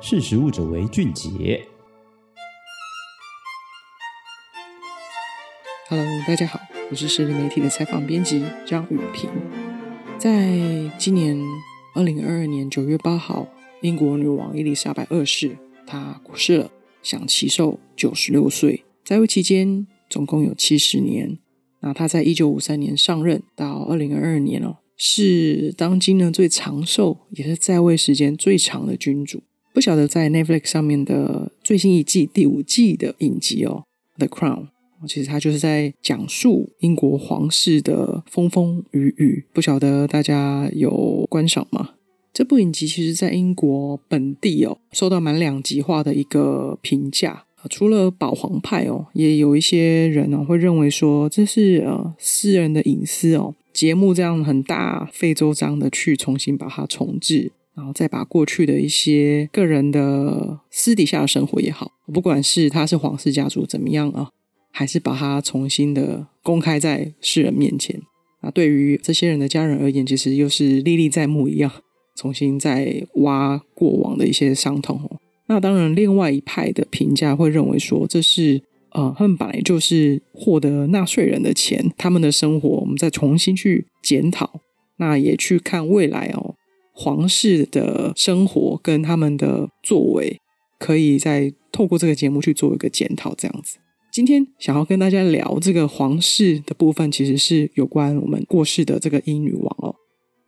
識食物者為俊傑。Hello，大家好，我是食力媒體的採訪編輯張語屏。在今年二零二二年九月八號，英國女王伊麗莎白二世她過世了，享耆壽九十六歲，在位期間總共有七十年。那她在一九五三年上任到二零二二年哦，是當今呢最長壽，也是在位時間最長的君主。不曉得在 Netflix 上面的最新一季第五季的影集哦，《The Crown》，其實它，就是在講述英國皇室的風風雨雨。不曉得大家有觀賞嗎？這部影集其實在英國本地哦，受到滿兩極化的一個評價。啊，除了保皇派哦，也有一些人哦會認為說，這是呃私人的隱私哦，節目這樣很大費周章的去重新把它重製。然後再把過去的一些個人的私底下的生活也好，不管是他是皇室家族怎麼樣啊，還是把他重新的公開在世人面前，那對於這些人的家人而言，其實又是歷歷在目一樣，重新在挖過往的一些傷痛哦。那當然，另外一派的評價會認為說，這是呃，他們本來就是獲得納稅人的錢，他們的生活我們再重新去檢討，那也去看未來哦。皇室的生活跟他們的作為，可以再透過這個節目去做一個檢討。這樣子，今天想要跟大家聊這個皇室的部分，其實是有關我們過世的這個英女王哦。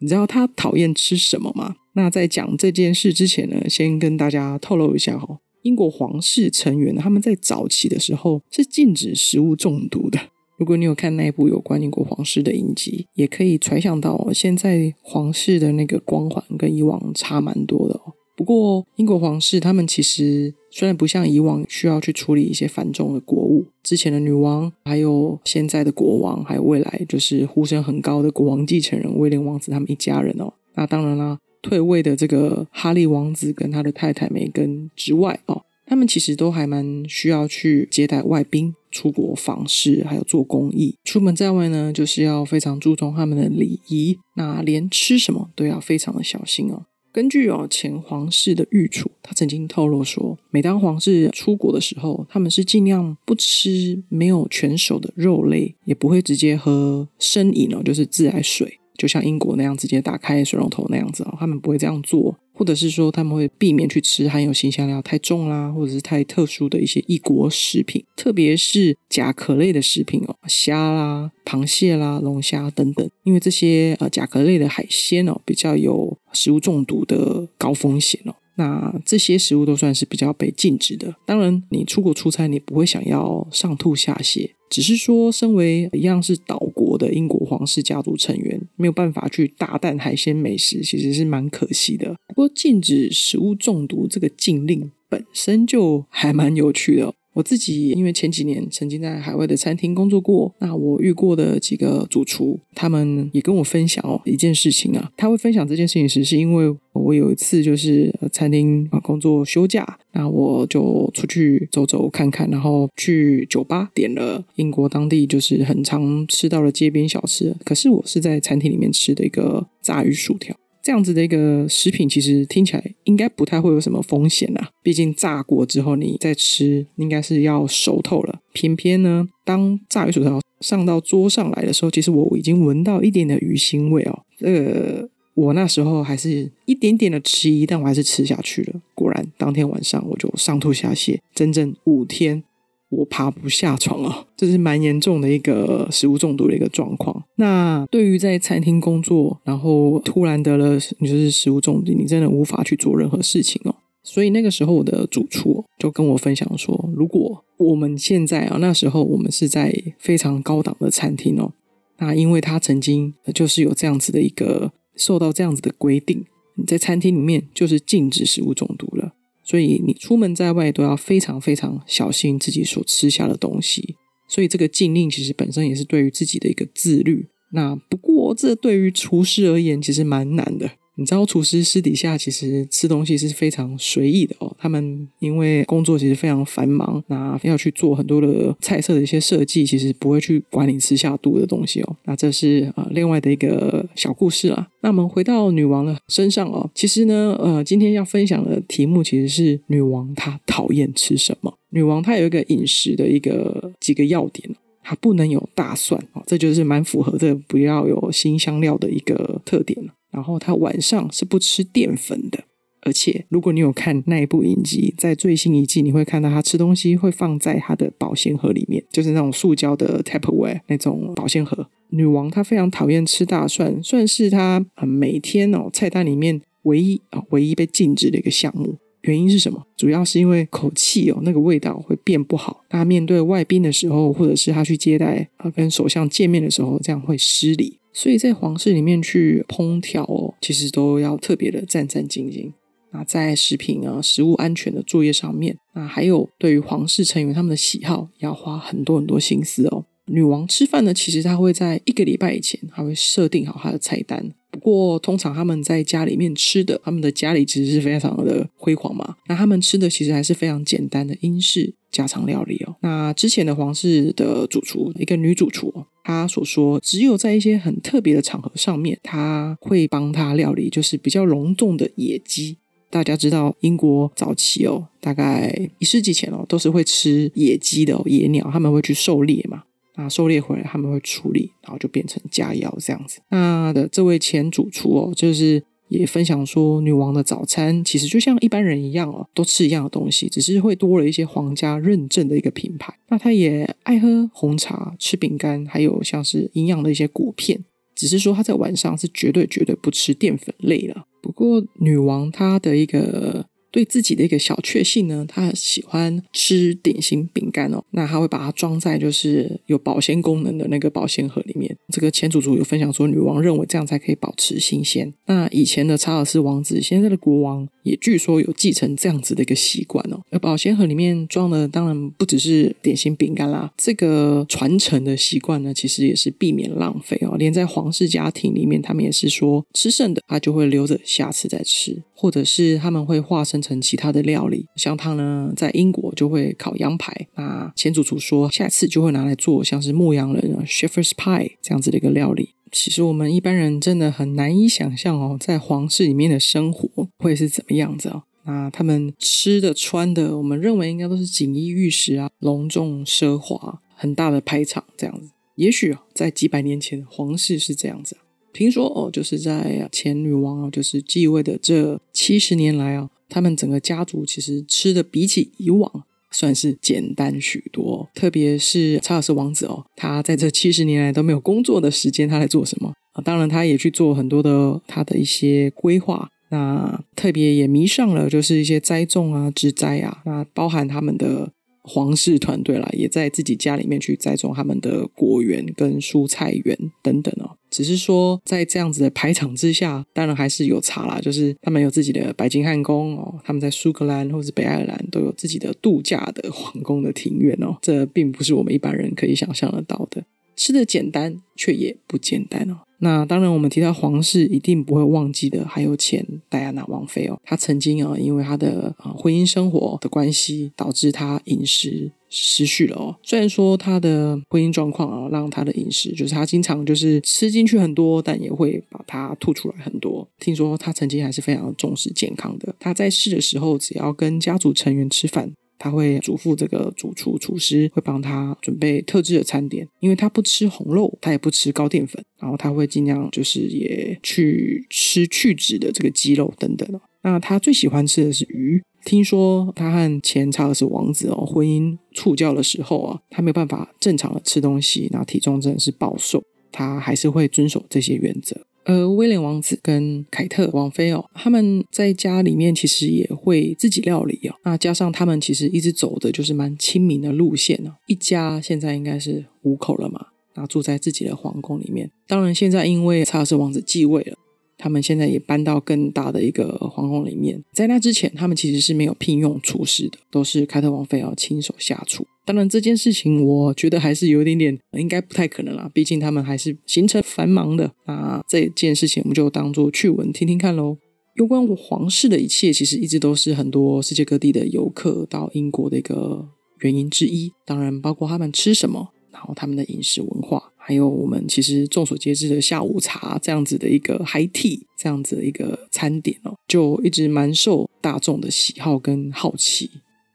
你知道她討厭吃什麼嗎？那在講這件事之前呢，先跟大家透露一下哈、哦，英國皇室成員呢，他們在早期的時候是禁止食物中毒的。如果你有看那一部有關英國皇室的影集，也可以揣想到現在皇室的那個光環跟以往差蠻多的哦。不過英國皇室他們其實雖然不像以往需要去處理一些繁重的國務，之前的女王，還有現在的國王，還有未來就是呼聲很高的國王繼承人威廉王子他們一家人哦。那當然啦，退位的這個哈利王子跟他的太太梅根之外哦，他們其實都還蠻需要去接待外賓。出國訪視，還有做公益，出門在外呢，就是要非常注重他們的禮儀。那連吃什麼都要非常的小心哦。根據哦前皇室的御廚，他曾經透露說，每當皇室出國的時候，他們是盡量不吃沒有全熟的肉類，也不會直接喝生飲哦，就是自來水，就像英國那樣直接打開水龍頭那樣子哦，他們不會這樣做。或者是說他們會避免去吃含有辛香料太重啦，或者是太特殊的一些異國食品，特別是甲殼類的食品哦，蝦啦、螃蟹啦、龍蝦等等，因為這些呃甲殼類的海鮮哦，比較有食物中毒的高風險哦。那這些食物都算是比較被禁止的。當然，你出國出差，你不會想要上吐下瀉，只是說身為一樣是島國的英國皇室家族成員，沒有辦法去大啖海鮮美食，其實是蠻可惜的。說禁止食物中毒這個禁令本身就還蠻有趣的哦。我自己因為前幾年曾經在海外的餐廳工作過，那我遇過的幾個主廚，他們也跟我分享哦，一件事情啊。他會分享這件事情時，是因為我有一次就是餐廳工作休假，那我就出去走走看看，然後去酒吧點了英國當地就是很常吃到的街邊小吃，可是我是在餐廳裡面吃的一個炸魚薯條。這樣子的一個食品，其實聽起來應該不太會有什麼風險啦、啊。畢竟炸過之後你再吃，應該是要熟透了。偏偏呢，當炸魚薯條上，上到桌上來的時候，其實我已經聞到一點的魚腥味哦。呃、這個，我那時候還是一點點的遲疑，但我還是吃下去了。果然，當天晚上我就上吐下瀉，整整五天。我爬不下床啊，這是蠻嚴重的一個食物中毒的一個狀況。那對於在餐廳工作，然後突然得了，你就是食物中毒，你真的無法去做任何事情哦。所以那個時候我的主廚就跟我分享說，如果我們現在啊，那時候我們是在非常高檔的餐廳哦，那因為他曾經就是有這樣子的一個受到這樣子的規定，你在餐廳裡面就是禁止食物中毒了。所以你出門在外都要非常非常小心自己所吃下的東西。所以這個禁令其實本身也是對於自己的一個自律。那不過這對於廚師而言其實蠻難的。你知道廚師私底下其實吃東西是非常隨意的哦。他們因為工作其實非常繁忙，那、啊、要去做很多的菜色的一些設計，其實不會去管你吃下肚的東西哦。那這是呃另外的一個小故事啦。那我們回到女王的身上哦。其實呢，呃，今天要分享的題目其實是女王她討厭吃什麼。女王她有一個飲食的一個幾個要點，她不能有大蒜哦，這就是蠻符合這個不要有辛香料的一個特點然後他晚上是不吃澱粉的，而且如果你有看那一部影集，在最新一季你會看到他吃東西會放在他的保鮮盒裡面，就是那種塑膠的 Tupperware 那種保鮮盒。女王她非常討厭吃大蒜，算是她、呃、每天哦菜單裡面唯一啊、哦、唯一被禁止的一個項目。原因是什麼？主要是因為口氣哦那個味道會變不好。她面對外賓的時候，或者是她去接待啊跟首相見面的時候，這樣會失禮。所以在皇室裡面去烹調哦，其實都要特別的戰戰兢兢。那在食品啊、食物安全的作業上面，那還有對於皇室成員他們的喜好，要花很多很多心思哦。女王吃飯呢，其實她會在一個禮拜以前，她會設定好她的菜單。不過通常他們在家裡面吃的，他們的家裡其實是非常的輝煌嘛。那他們吃的其實還是非常簡單的英式家常料理哦。那之前的皇室的主廚，一個女主廚。他所說，只有在一些很特別的場合上面，他會幫他料理，就是比較隆重的野雞。大家知道，英國早期哦，大概一世紀前哦，都是會吃野雞的、哦、野鳥，他們會去狩獵嘛，那狩獵回來他們會處理，然後就變成佳餚這樣子。那的這位前主廚哦，就是。也分享說，女王的早餐其實就像一般人一樣哦，都吃一樣的東西，只是會多了一些皇家認證的一個品牌。那她也愛喝紅茶、吃餅乾，還有像是營養的一些果片。只是說她在晚上是絕對絕對不吃澱粉類了。不過女王她的一個。對自己的一個小確幸呢，他很喜歡吃點心餅乾哦。那他會把它裝在就是有保鮮功能的那個保鮮盒裡面。這個前主廚有分享說，女王認為這樣才可以保持新鮮。那以前的查爾斯王子，現在的國王也據說有繼承這樣子的一個習慣哦。而保鮮盒裡面裝的當然不只是點心餅乾啦。這個傳承的習慣呢，其實也是避免浪費哦。連在皇室家庭裡面，他們也是說吃剩的他就會留着下次再吃，或者是他們會化身。成其他的料理，像他呢，在英國就會烤羊排。那前主廚說，下次就會拿來做像是牧羊人啊、Shepherd's Pie 這樣子的一個料理。其實我們一般人真的很難以想象哦，在皇室裡面的生活會是怎麼樣子啊、哦？那他們吃的穿的，我們認為應該都是錦衣玉食啊，隆重奢華，很大的排場這樣子。也許啊、哦，在幾百年前，皇室是這樣子。聽說哦，就是在前女王哦，就是繼位的這七十年來啊、哦。他們整個家族其實吃的比起以往算是簡單許多，特別是查爾斯王子哦，他在這七十年來都沒有工作的時間，他來做什麼？啊，當然，他也去做很多的他的一些規劃，那特別也迷上了就是一些栽種啊、植栽啊，那包含他們的。皇室團隊啦，也在自己家裡面去栽種他們的果園跟蔬菜園等等哦。只是說，在這樣子的排場之下，當然還是有差啦。就是他們有自己的白金漢宮哦，他們在蘇格蘭或是北愛爾蘭都有自己的度假的皇宮的庭院哦，這並不是我們一般人可以想象得到的。吃得簡單，卻也不簡單哦。那當然，我們提到皇室，一定不會忘記的，還有前戴安娜王妃哦。她曾經啊、哦，因為她的啊、呃、婚姻生活的關係，導致她飲食失序了哦。雖然說她的婚姻狀況啊，讓她的飲食就是她經常就是吃進去很多，但也會把它吐出來很多。聽說她曾經還是非常重視健康的。她在世的時候，只要跟家族成員吃飯，他會囑咐這個主廚廚師，會幫他準備特制的餐點，因為他不吃紅肉，他也不吃高澱粉，然後他會盡量就是也去吃去脂的這個雞肉等等，那他最喜歡吃的是魚。聽說他和前查爾斯王子哦，婚姻觸礁的時候啊，他沒有辦法正常的吃東西，然後體重真的是暴瘦，他還是會遵守這些原則。呃，威廉王子跟凱特王妃哦，他們在家裡面其實也會自己料理哦。那加上他們其實一直走的就是蠻親民的路線呢，哦。一家現在應該是五口了嘛，那住在自己的皇宮裡面。當然現在因為查爾斯王子繼位了。他們現在也搬到更大的一個皇宮裡面，在那之前，他們其實是沒有聘用廚師的，都是凱特王妃要親手下廚。當然，這件事情我覺得還是有一點點、嗯，應該不太可能啦，畢竟他們還是行程繁忙的。那這件事情我們就當做趣聞聽聽看嘍。有關皇室的一切，其實一直都是很多世界各地的遊客到英國的一個原因之一。當然，包括他們吃什麼，然後他們的飲食文化。還有我們其實眾所皆知的下午茶這樣子的一個 high tea 這樣子的一個餐點哦，就一直蠻受大眾的喜好跟好奇。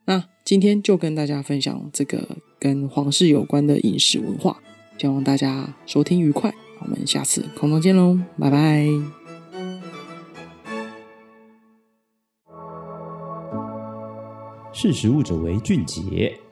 那今天就跟大家分享這個跟皇室有關的飲食文化，希望大家收聽愉快。我們下次空中見嘍，拜拜。識食物者為俊傑。